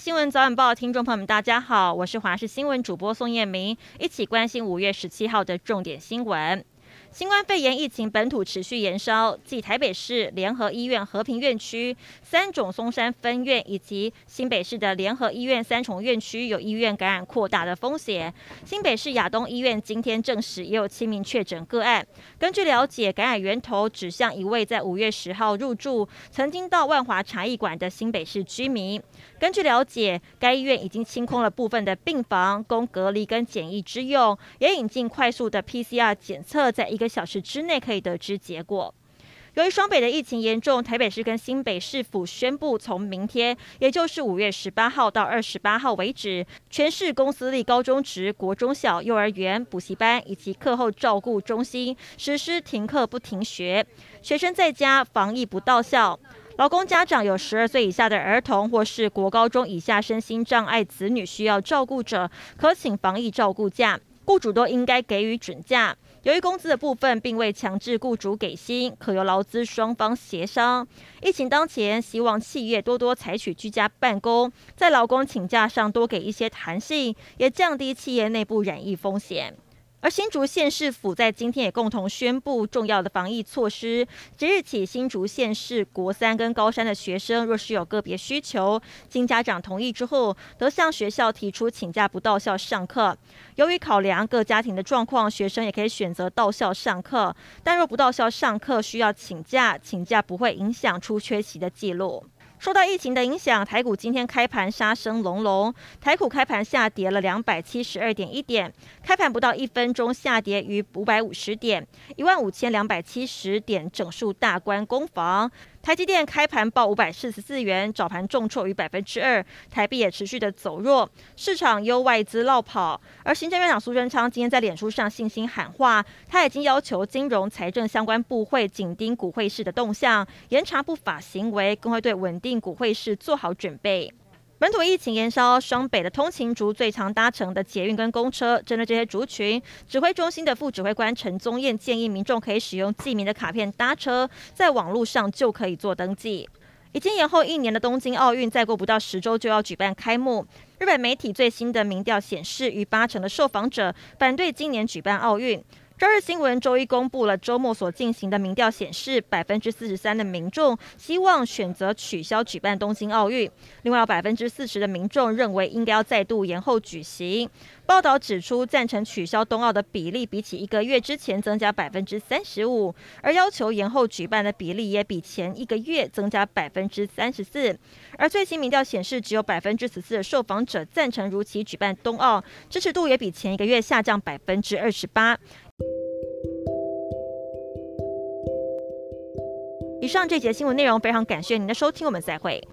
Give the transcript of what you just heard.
新聞早晚報，聽眾朋友們，大家好，我是華視新聞主播宋彥明，一起關心五月十七號的重點新聞。新冠肺炎疫情本土持續延燒，繼台北市聯合醫院和平院區、三重松山分院以及新北市的聯合醫院三重院區有醫院感染擴大的風險。新北市亞東醫院今天證實也有七名確診個案。根據了解，感染源頭指向一位在五月十號入住、曾經到萬華茶藝館的新北市居民。根據了解，該醫院已經清空了部分的病房，供隔離跟檢疫之用，也引進快速的 PCR 檢測。在一個小時之內可以得知結果。由於雙北的疫情嚴重，台北市跟新北市府宣布，從明天，也就是五月十八號到二十八號為止，全市公私立高中職、國中小、幼兒園、補習班以及課後照顧中心實施停課不停學，學生在家防疫不到校。勞工家長有十二歲以下的兒童，或是國高中以下身心障礙子女需要照顧者，可請防疫照顧假，雇主都應該給予準假。由於工資的部分並未強制雇主給薪，可由勞資雙方協商。疫情當前，希望企業多多採取居家辦公，在勞工請假上多給一些彈性，也降低企業內部染疫風險。而新竹縣市府在今天也共同宣布重要的防疫措施，即日起，新竹縣市國三跟高三的學生，若是有個別需求，經家長同意之後，得向學校提出請假不到校上課。由於考量各家庭的狀況，學生也可以選擇到校上課，但若不到校上課，需要請假，請假不會影響出缺席的記錄。受到疫情的影響，台股今天開盤殺聲隆隆。台股開盤下跌了兩百七十二點一點，開盤不到一分鐘下跌逾五百五十點，一萬五千兩百七十點整數大關攻防。台積電開盤報五百四十四元，早盤重挫逾百分之二，台幣也持續的走弱，市場憂外資落跑。而行政院長蘇貞昌今天在臉書上信心喊話，他已經要求金融、財政相關部會緊盯股匯市的動向，嚴查不法行為，更會對穩定股匯市做好準備。本土疫情延燒，雙北的通勤族最常搭乘的捷運跟公車，針對這些族群，指揮中心的副指揮官陳宗彥建議民眾可以使用記名的卡片搭車，在網絡上就可以做登記。已經延後一年的東京奧運，再過不到十週就要舉辦開幕。日本媒體最新的民調顯示，逾八成的受訪者反對今年舉辦奧運。《朝日新聞》周一公布了周末所進行的民調顯示，百分之四十三的民眾希望選擇取消舉辦東京奧運，另外百分之四十的民眾認為應該要再度延後舉行。報道指出，贊成取消東奧的比例比起一個月之前增加百分之三十五，而要求延後舉辦的比例也比前一個月增加百分之三十四。而最新民調顯示，只有百分之十四的受訪者贊成如期舉辦東奧，支持度也比前一個月下降百分之二十八。以上這節新聞內容，非常感謝您的收聽，我們再會。